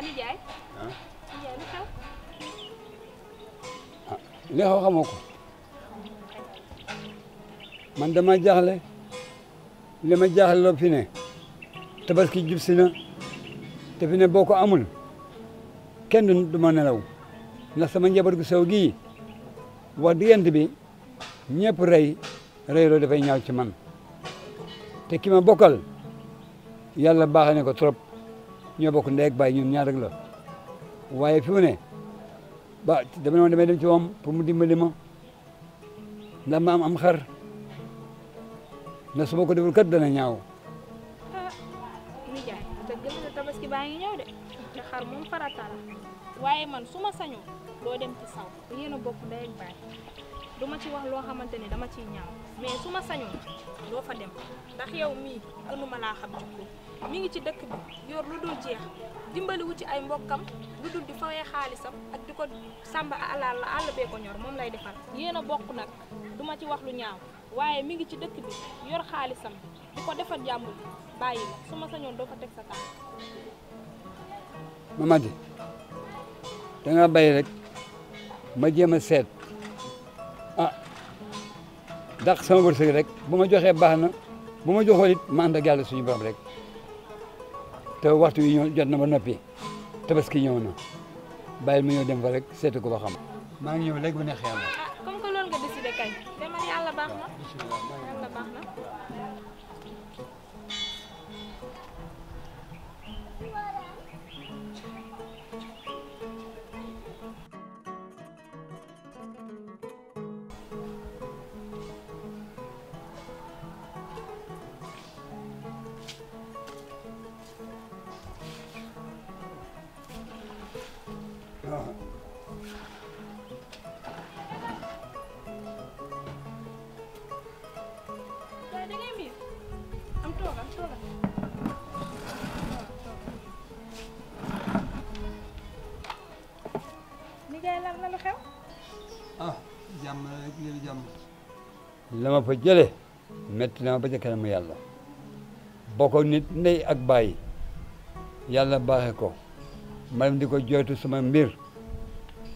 waa nijaay. xaw xamoo ko man dama jaaxle li ma jaaxle loo fi ne tabaski jub si na te fi ne boo ko amul kenn du nelaw ndax sama njaboot gu sew gii wax diggante bi ñëpp rey rey loo dafay ñaaw ci man te ki ma bokkal yàlla baaxee ne ko trop. ñoo bokk ndey ak baay ñun ñaar rek la waaye fi mu ne ba dama ne woon dem ci moom pour mu dimbali ma ndax am am xar ndax su ko deful kat dana ñaaw. Ah, tabaski baa ngi ñëw de te xar moom farata la waaye man su ma sañoo doo dem ci saw yéen a bokk ndey ak baay du ma ci wax loo xamante ni dama ciy ñaaw mais su ma sañoon doo fa dem ndax yow mii gënuma laa xam jikko mi ngi ci dëkk bi yor lu dul dimbaliwu ci ay mbokkam lu dul xaalisam ak di ko sàmba àllaal moom lay defal yéen a bokk nag ma ci wax lu ñaaw mi ngi ci dëkk bi yor defal jàmbur bàyyi la su ma sañoon doo fa teg sa tànk Mamadi danga bàyyi rek ma jéem a seet dàq sama wërsëg rek bu ma joxee baax na bu ma joxoon it ma ànd ak yàlla suñu borom rek te waxtu yi ñëw jot na ba noppi tabaski ñëw na bàyyil ma ñëw dem fa rek seetu ko ba xam maa ngi ñëw léegi bu neexee yàlla la fa jële metti na ma ba ca kanam yàlla bokk nit ndey ak bàyyi yàlla baaxe ko ma dem di ko joytu sama mbir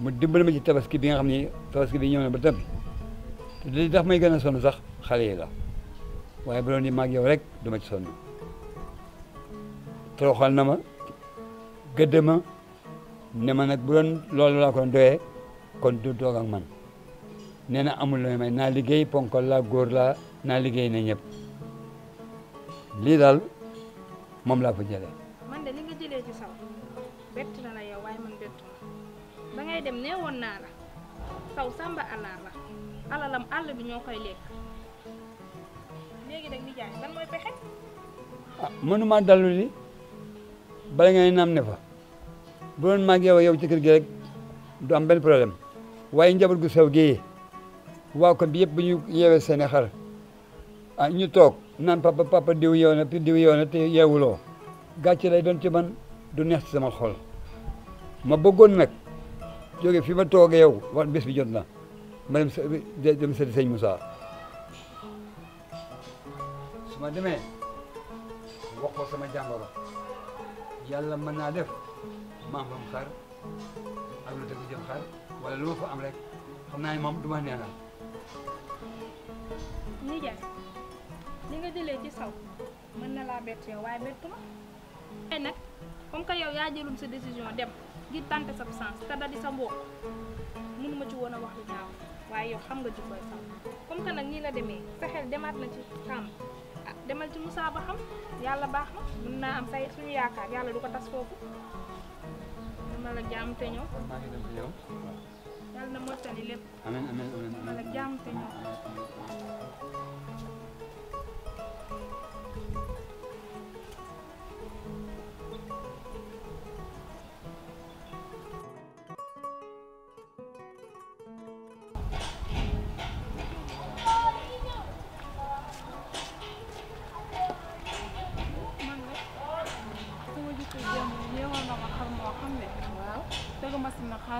mu dimbali ma ci tabaski bi nga xam ni tabaski bi ñëw na ba tamit te li dax may gën a sonn sax xale yi la waaye bu doon ni maag rek du ma ci sonn toroxal na ma gëdd ne ma nag bu doon loolu laa ko doyee kon du toog ak man nee na amul lu may naa liggéey ponkol la góor la naa liggéey na ñëpp lii daal moom laa fa jëlee. man de li nga jëlee ci saw bett na la yow waaye man bett ba ngay dem nee woon naa la saw samba alaar la alalam àll bi ñoo koy lekk léegi nag li jaay lan mooy pexe. ah mënuma dallu li bala ngay naam ne fa bu doon màggee yow ci kër gi rek du benn problème waaye njaboot gu sew gii. waaw ko bi yëpp bu ñu yewee seen xel a ah, ñu toog naan papa papa diw yeew na diw yeew na te yeewuloo lay doon ci man du neex ci sama xol ma bëggoon nag jóge fi ma toog yow wax bés bi jot na ma dem sa dem sa sëñ su ma demee wax ko sama jàngoro yàlla mën naa def maam am xar ak lu tegu jëm xar wala lu ma fa am rek xam naa ne ma nee na nijaay li nga jëlee ci saw mën na laa bett yow waaye bettu ma tey nag comme que yow yaa jëlum sa décision dem ngir tenter sa chance te da di sa mbokk mënuma ci woon a wax lu ñaaw waaye yow xam nga ji koy saw comme que nag nii la demee fexeel demaat na ci xam ah demal ci Moussa ba xam yàlla baax na mën naa am say suñu yaakaar yàlla du ko tas foofu mën na la jàmm te ñëw. yàlla na mottali lépp. amiin amiin amiin wala jàmm te ñëw.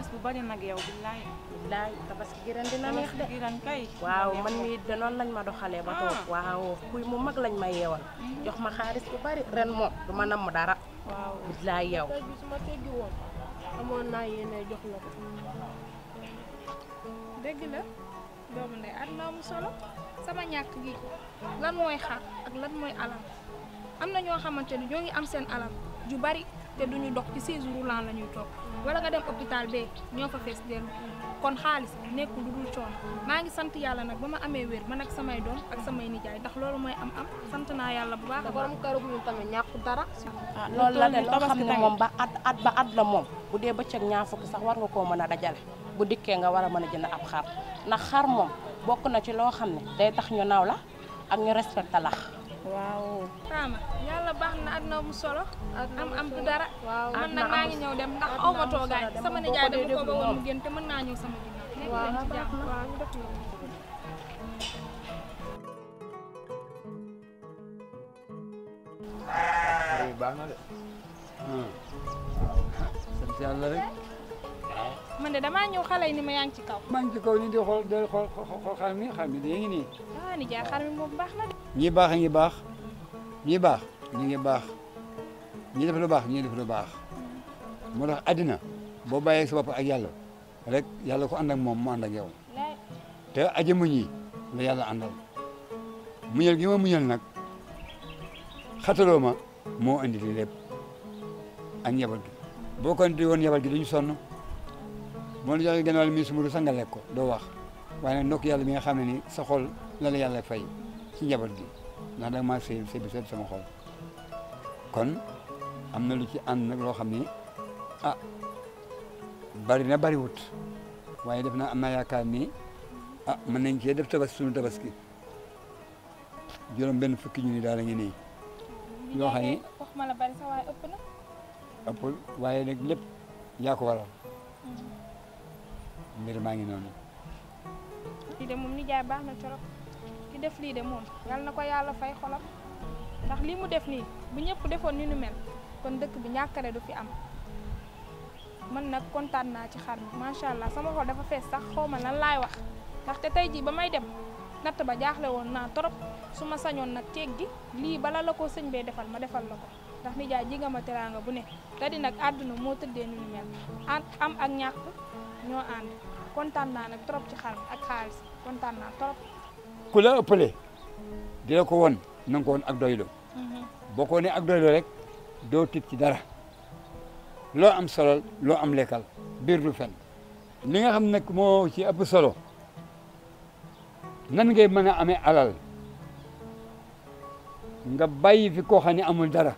avance bu bari nag yow billaay billaay tabaski gi ren dina neex de gi ren kay waaw man mii de noonu lañ ma doxalee ba toog ah. waaw kuy mu mag lañ ma yeewal mm-hmm. jox ma xaalis bu bari ren moom du ma namm dara waaw billaay yow su ma teggi woon amoon naa jox la ko mm-hmm. dégg la doomu ndey at naa mu solo sama ñàkk gi lan mooy xar ak lan mooy alal am na ñoo xamante ni ñoo ngi am seen alal ju bari te duñu dox ci chaise roulante la ñuy toog wala nga dem hôpital bee ñoo fa fees dellu kon xaalis nekkul lu dul coono maa ngi sant yàlla nag ba ma amee wér man ak samay doom ak samay nijaay ndax loolu mooy am am sant naa yàlla bu baax. te borom kër gu ah, ñu dara. loolu la de loo xam ne moom ba at at ba at la moom bu dee bëccëg ñaar fukki sax war nga koo mën a dajale bu dikkee nga war a mën a jënd ab xar ndax xar moom bokk na ci loo xam ne day tax ñu naaw la ak ñu respecté la waaw taama yàlla baax na na mu solo am am du dara man nag maa ngi ñëw dem ndax aw ma toogaay sama nijaay dama ko ba woon mu gën te mën naa ñëw sama ginnaaw nekk leen hmm. ñëw xale yi ni ma yaa ngi ci kaw maa ngi ci kaw ni di xool xar mi xar mi de ah ni xar mi moom baax na de ñi baax a ngi baax ñi baax ñi ngi baax ñi def lu baax ñi def lu baax moo tax àddina boo bàyyee sa bopp ak yàlla rek yàlla ko ànd ak moom mu ànd ak yow te aja muñ yi la yàlla àndal muñal gi ma muñal nag xataloo ma moo indi li lépp ak yabal gi boo ko indi woon yabal gi ñu sonn moo la joxe gànnaaw mi sumuru sa nga ko doo wax waaye nag yàlla bi nga xam ne ni sa xol la yàlla fay ci njaboot gi ndax danga maa sëy sëy bi seet sama xol kon am na lu ci ànd nag loo xam ni ah bari na bariwut waaye def na am na yaakaar ni a ah, mën nañ cee def tabaski suñu tabaski juróom benn fukki ñu ni daal la nii yoo xam ne wax ma la bari sax waaye ëpp na ëppul waaye nag lépp waral mm-hmm. mbir maa ngi noonu. lii de moom ni jaay baax na trop. def lii de moom yal na ko yàlla fay xolam ndax lii mu def nii bu ñëpp defoon ni nu mel kon dëkk bi ñàkkare du fi am man nag kontaan naa ci xar mi macha allah sama xol dafa fees sax xaw ma lan laay wax ndaxte tey jii ba may dem natt ba jaaxle woon naa trop su ma sañoon nag teeg gi lii bala la ko sëñ bee defal ma defal la ko ndax nijaay ji nga teraanga bu ne te nag àdduna moo tëddee ni nu mel am ak ñàkk ñoo ànd kontaan naa nag trop ci xar mi ak xaalis ku la ëppale di la ko won na ko won ak doylu mhm. boo ko wonee ak doylu rek doo tiit ci dara loo am solo loo am lekal biir du fen li nga xam nag moo ci ëpp solo nan ngay mën a amee alal nga bàyyi fi koo xam amul dara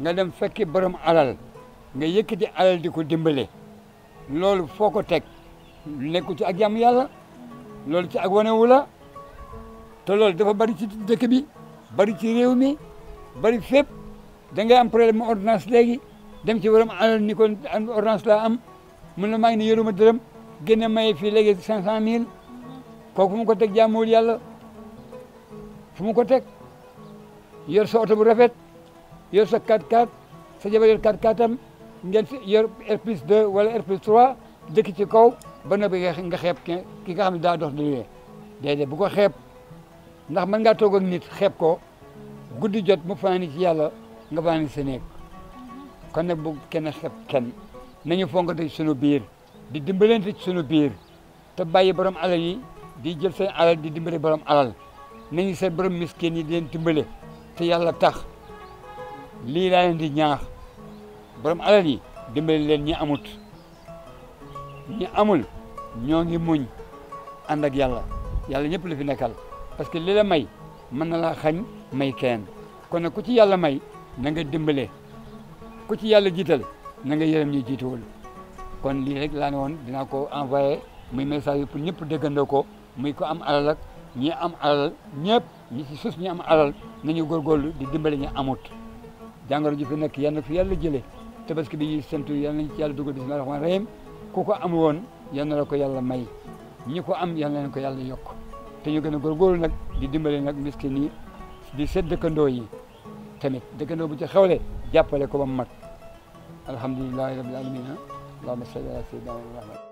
nga dem fekki borom alal nga yëkkati alal di ko dimbale loolu foo ko teg nekku ci ak yam yàlla loolu ci ak wane wu te loolu dafa bari ci dëkk bi bari ci réew mi bari fépp da ngay am problème mu ordonnance léegi dem ci waram alal ni kon ordonnance laa am mun la maa ngi ne yoruma dërëm génne maye fii léegi cinq cent mille kooku fu ko teg jaamuwul yàlla fu mu ko teg yor sa oto bu rafet yor sa 4x4 sa jabar yor 4 x am ngeen yor R plus wala R plus 3 dëkk ci kaw ba noppi nga xeeb ki nga xam ne daa dox di déedéet bu ko xeeb. ndax mën ngaa toog ak nit xeeb ko guddi jot mu faani ci yàlla nga faani sa néeg kon nag bu kenn xeeb kenn nañu fonkante ci sunu biir di dimbaleen ci sunu biir te bàyyi borom alal yi di jël seen alal di dimbale borom alal nañu seen borom miskin yi di leen dimbale te yàlla tax lii laa di ñaax borom alal yi dimbale leen ñi amut ñi amul ñoo ngi muñ ànd ak yàlla yàlla ñëpp la fi nekkal parce que li la may mën na laa xañ may kenn kon nag ku ci yàlla may na nga dimbale ku ci yàlla jiital na nga yërëm ñu jiituwul kon lii rek laa ne woon dinaa ko envoyé muy message yi pour ñëpp déggandoo ko muy ko am alal ak am alal ñëpp ñi ci suuf ñi am alal nañu góorgóorlu di dimbale ñi amut jàngoro ji fi nekk yal na fi yàlla jëlee tabaski bi ñuy séntu yal nañ ci yàlla dugal bismillahi rahmaani rahim ku ko am woon yal na la ko yàlla may ñi ko am yal na leen ko yàlla yokk te ñu gën a góorgóorlu nag di dimbale nag miskin yi di set dëkkandoo yi tamit dëkkandoo bu ci xewle jàppale ko ba mu mag alhamdulilahi rabbil alamin allahumma salli ala sayyidina muhammad